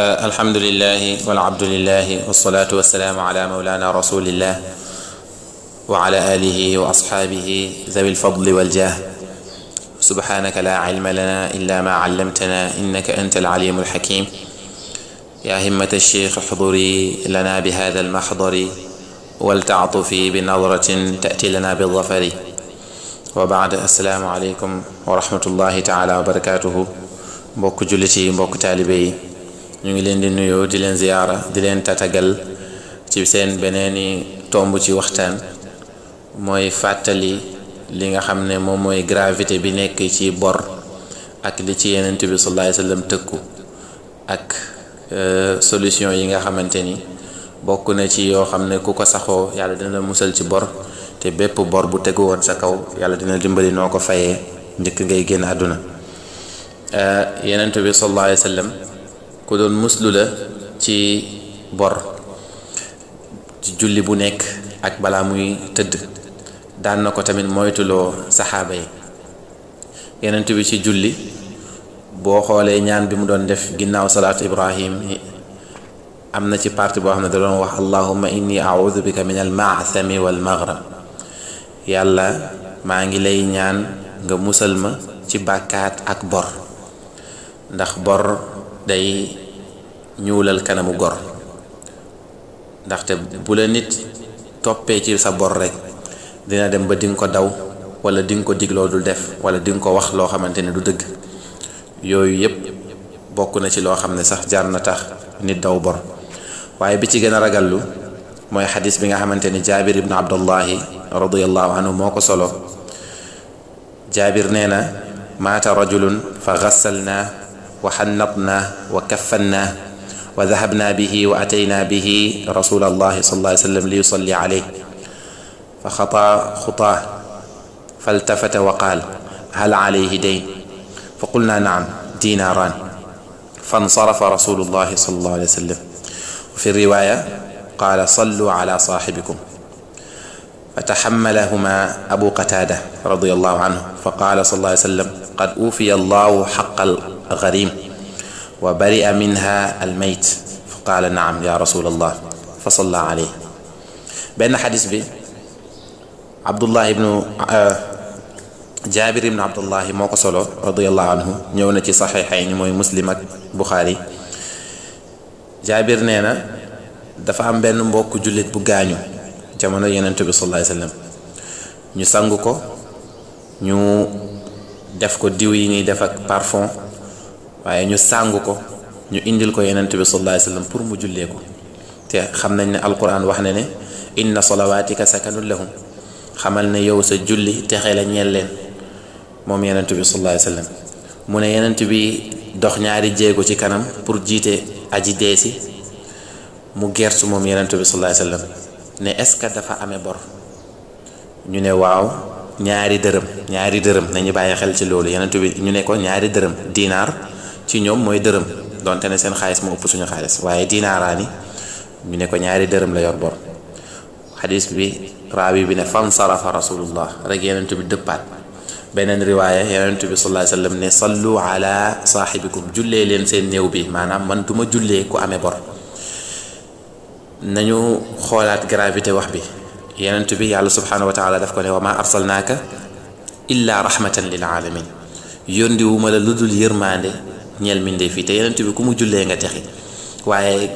آه، الحمد لله والعبد لله والصلاة والسلام على مولانا رسول الله وعلى آله وأصحابه ذوي الفضل والجاه سبحانك لا علم لنا إلا ما علمتنا إنك أنت العليم الحكيم يا همة الشيخ احضري لنا بهذا المحضر ولتعطفي بنظرة تأتي لنا بالظفر وبعد السلام عليكم ورحمة الله تعالى وبركاته بوك جلتي بوك تالبي ñu ngi leen di nuyoo di leen ziyaara di leen tatagal ci seen beneeni tomb ci waxtaan mooy fàttali li nga xam ne moom mooy gravité bi nekk ci bor ak li ci yenent bi sallallahu alayhi wasallam tëkku ak euh, solution yi nga xamante ni bokk na ci yoo xam ne ku ko saxoo yàlla dina musal ci bor te bépp bor bu tegu woon sa kaw yàlla dina dimbali noo ko fayee njëkk ngay génn àdduna euh, yenent bi sallallahu alayhi wasallam ku doon muslu la ci bor ci julli bu nekk ak balaa muy tëdd daan na ko tamit moytuloo saxaaba yi yenent bi ci julli boo xoolee ñaan bi mu doon def ginnaaw salaat ibrahim am na ci parti boo xam ne da doon wax allahumma inni audu bika min al maasami wal maghrab yàlla maa ngi lay ñaan nga musal ma ci bàkkaat ak bor ndax bor day ñuulal kanamu gor ndaxte bu la nit toppee ci sa bor rek dina dem ba di ko daw wala di ko digloo dul def wala di ko wax loo xamante ne du dëgg yooyu yëpp bokk na ci loo xam ne sax jaar na tax nit daw bor waaye bi ci gën a ragallu mooy xadis bi nga xamante ni jaabir ibn abdullahi radiallahu anhu moo ko solo jaabir nee na maata rajulun fa gassalnaa وحنطناه وكفناه وذهبنا به وأتينا به رسول الله صلى الله عليه وسلم ليصلي عليه فخطا خطاه فالتفت وقال هل عليه دين فقلنا نعم ديناران فانصرف رسول الله صلى الله عليه وسلم وفي الرواية قال صلوا على صاحبكم فتحملهما أبو قتادة رضي الله عنه فقال صلى الله عليه وسلم قد أوفي الله حق غريم وبرئ منها الميت فقال نعم يا رسول الله فصلى عليه بين حديث بي عبد الله بن آه، جابر بن عبد الله موقصلو رضي الله عنه نيونا صحيحين موي مسلم بخاري جابر نينا دا فا بن مبوك جوليت بو جمعنا جامانو يونت صلى الله عليه وسلم ني سانغوكو دفكو ديويني دفك بارفون waaye ñu sàngu ko ñu indil ko yonent bi sallallahu alayhi pour mu jullee ko te xam nañ ne alquran wax na ne inna salawaatika kanul lahum xamal ne yow sa julli texe la ñeel leen moom yonent bi sallallahu alayhi wasallam mu ne yonent bi dox ñaari jéego ci kanam pour jiite aji dee si mu gertu moom yonent bi sallallahu alayhi wasallam ne est-ce que dafa amee bor ñu ne waaw ñaari dërëm ñaari dërëm nañu bàyyi xel ci loolu yonent bi ñu ne ko ñaari dërëm diinaar ci ñoom mooy dërëm donte ne seen xaalis moo ëpp suñu xaalis waaye dinaaraani ñu ne ko ñaari dërëm la yor bor xadis bi raawi bi ne fan sarafa rasulullah rek yenentu bi dëppaat beneen riwaaya yenentu bi sallallahu alayhi wasallam ne sallu ala saaxibikum jullee leen seen néew bi maanaam man du ma ku amee bor nañu xoolaat gravité wax bi yenentu bi yàlla subhanahu wa taala daf ko ne wa ma arsalnaaka illa rahmatan lil alamin yóndiwu la lu dul ñeel mindee fii te yonent bi ku mu jullee nga texi waaye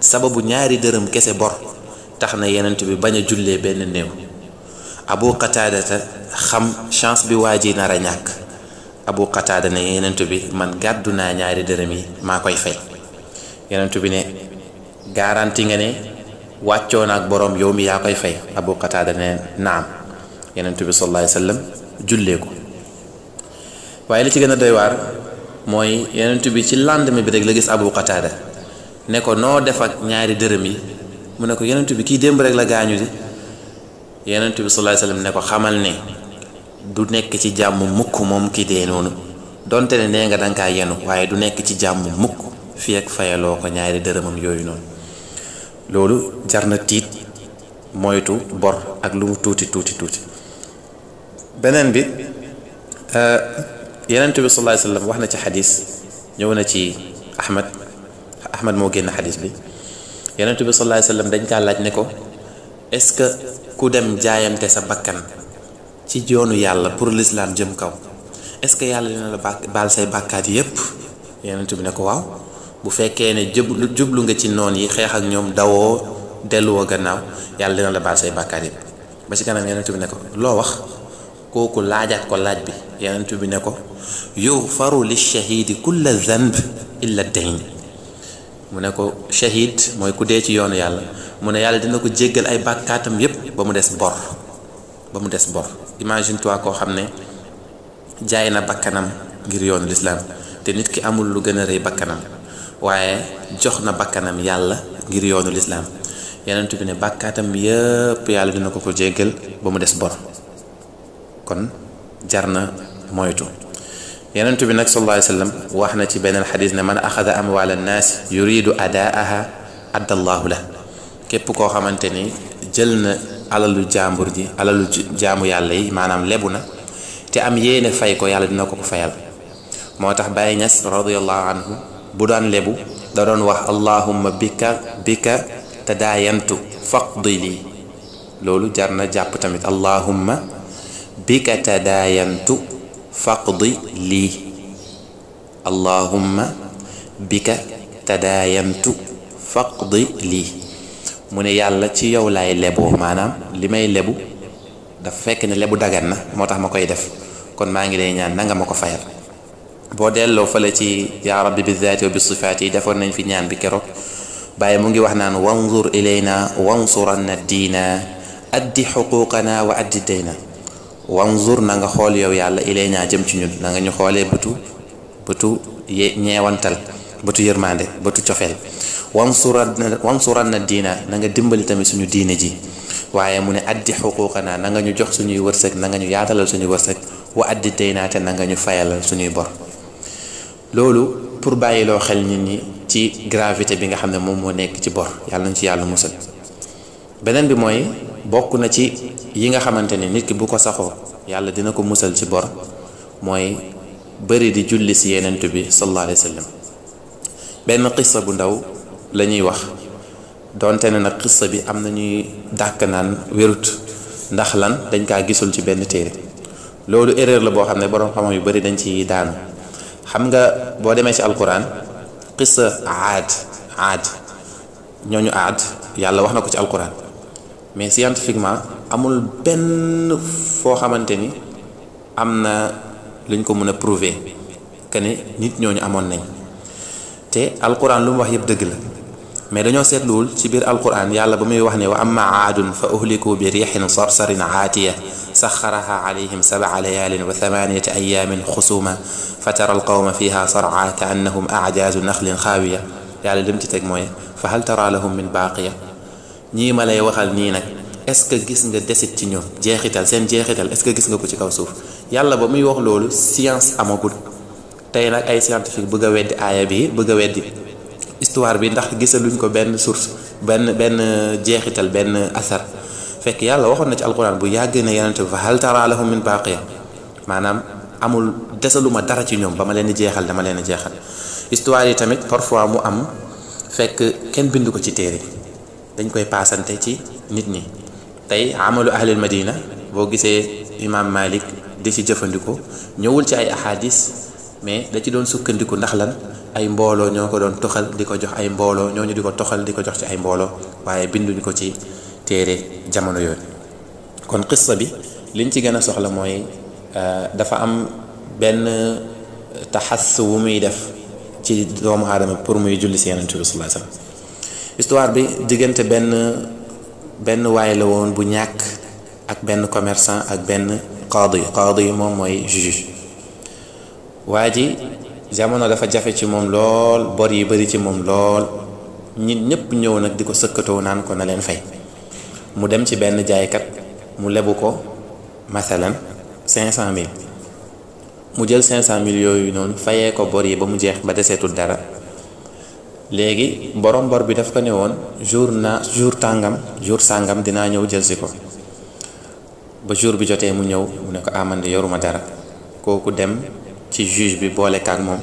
sababu ñaari dërëm kese bor tax na yonent bi bañ a jullee benn néew abu qataadata xam chance bi waa ji nar a ñàkk abu qataada ne yonent bi man gàddu naa ñaari dërëm yi maa koy fay yonent bi ne garanti nga ne wàccoo na ak boroom yow mi yaa koy fay abu qataada ne naam yonent bi sallallahu alayhi wa sallam jullee ko waaye li ci gën a doy waar mooy yeneentu bi ci lendemain bi rek la gis abu qataada ne ko noo def ak ñaari dërëm yi mu ne ko yenentu bi kii démb rek la gaañu di yenentu bi sallallahu alayhi ne ko xamal ne du nekk ci jàmm mukk moom kii dee noonu donte ne nee nga danga kaa yenu waaye du nekk ci jàmm mukk fii ak fayaloo ko ñaari dërëmam yooyu noonu loolu jar na tiit moytu bor ak lu mu tuuti tuuti tuuti beneen bi euh, yenent bi sallallahu alayhi wax na ci xadis ñëw na ci ahmad ahmad moo génn xadis bi yenent bi sallallahu alayhi dañ kaa laaj ne ko est-ce que ku dem jaayante sa bakkan ci yoonu yàlla pour l'islam jëm kaw est-ce que yàlla dina la baal say bàkkaat yépp yenent bi ne ko waaw bu fekkee ne jublu jublu nga ci noon yi xeex ak ñoom dawoo delluwoo gannaaw yàlla la baal say bàkkaat yépp ba ci kanam bi ne ko loo wax kooku laajaat ko laaj bi yonent bi ne ko yuxfaru lichahidi kulla zanb illa dayn mu ne ko chahid mooy ku dee ci yoonu yàlla mu ne yàlla dina ko jéggal ay bàkkaatam yépp ba mu des bor ba mu des bor imagine toi koo xam ne jaay na bakkanam ngir yoonu lislaam te nit ki amul lu gën a rëy bakkanam waaye jox na bakkanam yàlla ngir yoonu lislaam yonent bi bàkkaatam yépp yàlla dina ko ko jéggal ba mu des bor kon jar na moytu yonent bi nag sallallahu alayhi wax na ci beneen xadis ne man am amwaala annaas yuridu adaaha addallaahu la képp koo xamante ni jël na alalu jàmbur ji alalu jaamu yàlla yi maanaam lebu na te am yéene fay ko yàlla dina ko ko fayal moo tax Baay Ñas radiyallahu anhu bu daan lebu da doon wax allahumma bika bika tadaayantu faqdi lii loolu jar na jàpp tamit allahumma bika tadaayantu faqdi lii allahumma bika tadaayantu faqdi lii mu ne yàlla ci yow laay leboo maanaam li may lebu dafa fekk ne lebu dagan na moo tax ma koy def kon maa ngi lay ñaan nanga ma ko fayal boo delloo fale ci yaa rabbi bi zaati wa bi sifaati yi defoon nañ fi ñaan bi keroog bàyyi mu ngi wax naan wanzur ilayna wansuranna diina addi xuquuqana wa addi dayna wanzur na nga xool yow yàlla ilay ñaa jëm ci ñun na nga ñu xoolee bëtu bëtu ñeewantal bëtu yërmande bëtu cofeel wansuran wansuran na diina na nga dimbali tamit suñu diine ji waaye mu ne addi xuquuqanaa na nga ñu jox suñuy wërsëg na nga ñu yaatalal suñu wërsëg wa addi daynaate na nga ñu fayalal suñuy bor loolu pour bàyyiloo xel nit ñi ci gravité bi nga xam ne moom moo nekk ci bor yàlla nañ ci yàlla musal beneen bi mooy bokk na ci yi nga xamante ne nit ki bu ko saxoo yàlla dina ko musal ci bor mooy bëri di julli si yenent bi sallallahu alayhi benn xissa bu ndaw la ñuy wax donte ne nag xissa bi am na ñuy dàkk naan wérut ndax lan dañ kaa gisul ci benn téere loolu erreur la boo xam ne borom xam yu bari dañ ci daanu xam nga boo demee ci alquran xissa aad aad ñooñu aad yàlla wax na ko ci alquran mais scientifiquement amul ben fo xamanteni amna luñ ko mëna prouver que ne nit ñooñu amoon nañ te alcorane lu wax yeb deug la mais dañoo lool ci bir alcorane yàlla ba muy wax ne wa amma aadun fa uhliku bi rihin sarsarin aatiya saxaraha alayhim sab'a layalin wa thamaniyati ayamin khusuma fatara tara alqawma fiha sar'a ka annahum acjaazu naxlin xaawiya yàlla dem ci tek moy fa hal tara lahum min baqiyah ñi ma lay waxal ni nak est-ce que gis nga desit ci ñom jeexital sen jeexital est-ce que gis nga ko ci kaw suuf yàlla ba muy wax lolu science amagul tay nak ay scientifique bëgg weddi aya bi bëgg weddi histoire bi ndax gisaluñ ko ben source ben ben jeexital ben asar fekk yàlla waxon na ci alquran bu yàgg ne yonente fa hal tara lahum min baqiya manam amul desaluma dara ci ñom bama leen jeexal dama leen jeexal histoire yi tamit parfois mu am fekk ken bindu ko ci téré dañ koy paasante ci nit ñi tey amalu ahlil madina boo gisee imam malik di ci jëfandikoo ñëwul ci ay ahadis mais da ci doon sukkandiku ndax lan ay mbooloo ñoo ko doon toxal di ko jox ay mbooloo ñooñu di ko toxal di ko jox ci ay mbooloo waaye binduñu ko ci téere jamono yooyu kon qissa bi liñ ci gën a soxla mooy euh, dafa am benn taxass wu muy def ci doomu aadama pour muy julli si yonent bi sallallahu histoire bi diggante benn benn waay la woon bu ñàkk ak benn commerçant ak benn qaadi qaadi moom mooy juge waa ji jamono dafa jafe ci moom lool bor yi bari ci moom lool nit ñëpp ñëw nag di ko sëkkatoo naan ko na leen fay mu dem ci benn jaaykat mu lebu ko masalan cinq cent mille mu jël cinq cent mille yooyu noonu fayee ko bor yi ba mu jeex ba deseetul dara léegi borom bor bi daf ko ne woon jour na jour tàngam jour sàngam dinaa ñëw jëlsi ko ba jour bi jotee mu ñëw mu ne ko amande ah, yoruma dara kooku dem ci juge bi boole kaak moom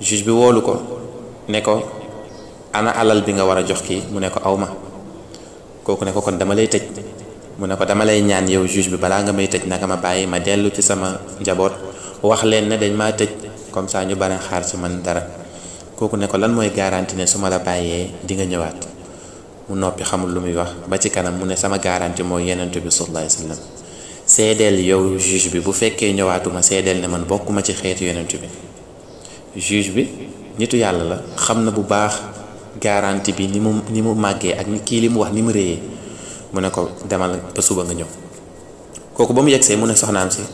juge bi woolu ko ne ko ana alal bi nga war a jox kii mu ne ko aw ma kooku ne ko kon dama lay tëj mu ne ko dama lay ñaan yow juge bi balaa nga may tëj naka ma bàyyi ma dellu ci sama njaboot wax leen ne dañ maa tëj comme saa ñu bare xaar ci man dara kooku ne ko lan mooy garanti ne su ma la bàyyee di nga ñëwaat mu noppi xamul lu muy wax ba ci kanam mu ne sama garanti mooy yenentu bi sallallahu alayhi wasallam seedeel yow juge bi bu fekkee ñëwaatuma seddal ne man bokkuma ci xeetu yenentu bi juge bi ñettu yàlla la xam na bu baax garanti bi ni mu ni mu màggee ak ni kii li mu wax ni mu réyee mu ne ko demal ba suba nga ñëw kooku ba mu yegsee mu ne soxnaam si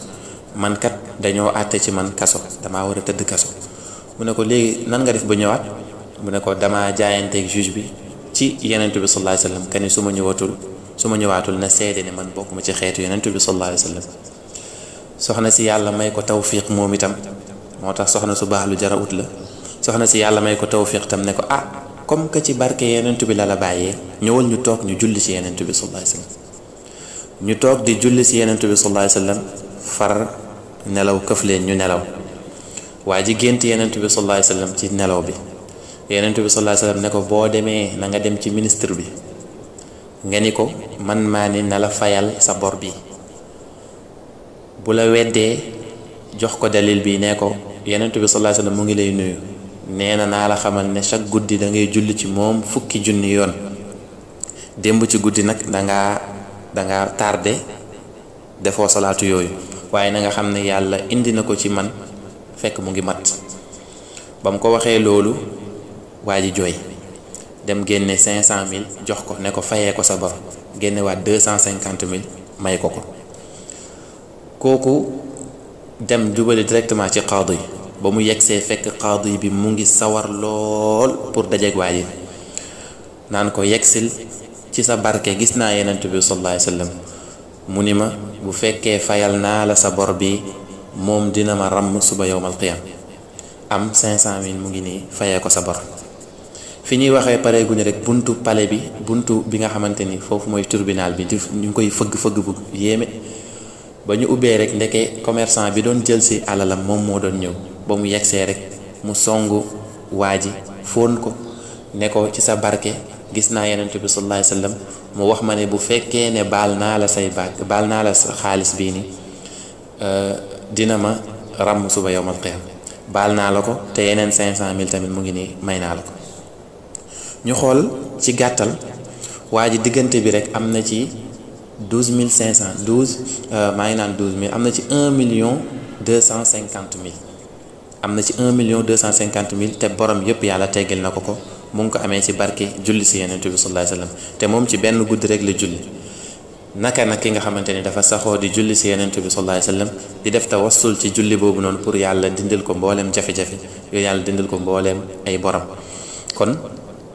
man kat dañoo àtte ci man kaso damaa war a tëdd kaso mu ne ko léegi nan nga def ba ñëwaat mu ne ko dama jaayanteeg juge bi ci yenentu bi sallallahu alayhi wa su ma ñëwatul su ma ñëwaatul na seede ne man bokkuma ci xeetu yenentu bi sallallahu alayhi wa soxna si yàlla may ko tawfiq moom itam moo tax soxna su baax lu jara ut la soxna si yàlla may ko tawfiq tam ne ko ah comme que ci barke yenentu bi la la bàyyee ñëwal ñu toog ñu julli ci yenentu bi sallallahu alayhi ñu toog di julli ci yenentu bi sallallahu alayhi wa far nelaw këf leen ñu nelaw waa ji gént yenent bi sallallahu ci nelaw bi yenent bi sallallahu alayhi boo demee na nga dem ci ministre bi nga ni ko man maa ni na fayal sa bor bi bu la jox ko dalil bi nee ko yenent bi sallallahu alayhi mu ngi lay nuyu nee na naa la xamal ne chaque guddi da ngay julli ci moom fukki junni yoon démb ci guddi nag dangaa dangaa tardé defoo salaatu yooyu waaye na nga xam ne yàlla indi na ko ci man fekk mu ngi mat bam ko waxee loolu waa joy dem génne cinq mille jox ko ne ko fayee ko sa bor génne waat deux mille may ko ko kooku dem jubali directement ci qaadi yi ba mu yegsee fekk qaadi bi mu ngi sawar lool pour dajeeg waa ji naan ko yegsil ci sa barke gis naa yenent bi sallallahu alayhi wa sallam mu ni ma bu fekkee fayal naa la sa bor bi moom dina ma ràmm suba yowmal qiyam am 500000 mu ngi nii fayee ko sa bor fi ñuy waxee pareeguñu rek buntu pale bi buntu bi nga xamante ni foofu mooy tribunal bi di ñu ngi koy fëgg fëgg bu yéeme ba ñu ubbee rek ndeke commerçant bi doon jël si alalam moom moo doon ñëw ba mu yegsee rek mu song waa ji fóon ko ne ko ci sa barke gis naa yonent bi sallallahu alayhi wasallam mu wax ma ne bu fekkee ne baal naa la say baag baal naa la sa xaalis bii nii. Euh, dina ma ràmm suba yowmal qiyaam baal naa la ko te yeneen cinq cent mille tamit mu ngi nii may naa la ko ñu xool ci gàttal waa ji diggante bi rek am na ci douze mille cinq cent douze euh, maa ngi naan douze mille am na ci un million deux cent cinquante mille am na ci un million deux cent cinquante mille te borom yëpp yàlla teggil na ko ko mu ngi ko amee ci barke julli si yeneen bi sallallahu alayhi wa te moom ci benn guddi rek la julli naka nag ki nga xamante ni dafa saxoo di julli si yenent bi sallallahu alayhi wasallam di def tawassul ci julli boobu noonu pour yàlla dindil ko mbooleem jafe-jafe yooyu yàlla dindil ko mbooleem ay borom kon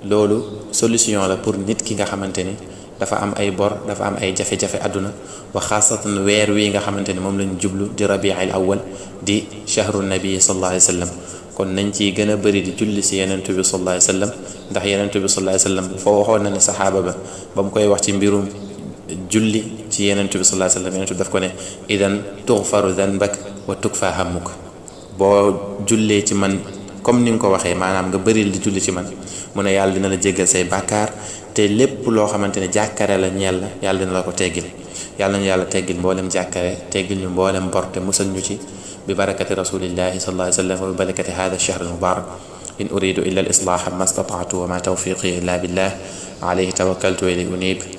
loolu solution la pour nit ki nga xamante ni dafa am ay bor dafa am ay jafe-jafe àdduna wa xaasatan weer wi nga xamante ni moom lañ jublu di rabiil awal di chahru nabi sallallahu alayhi wasallam kon nañ ciy gën a bëri di julli si yenent bi sallallahu alayhi wasallam ndax yenent bi sallallahu alayhi wasallam foo waxoon na ne saxaaba ba ba mu koy wax ci mbirum julli ci yenentu bi sallallahu alayhi wasallam yenentu bi daf ko ne idan tughfaru dhanbak wa tukfa hammuk boo jullee ci man comme ni nga ko waxee maanaam nga bëril di julli ci man mu ne yàlla dina la jéggal say bàkkaar te lépp loo xamante ne jàkkare la ñeel la yàlla dina la ko teggil yàlla nañu yàlla teggil mboolem jàkkare teggil ñu mboolem bor te musal ñu ci bi barakati rasulillahi sallallahu alayhi wa sallam wa bi barakati hada ash-shahr al-mubarak إن أريد إلا الإصلاح ما استطعت وما توفيقي إلا بالله عليه توكلت وإليه أنيب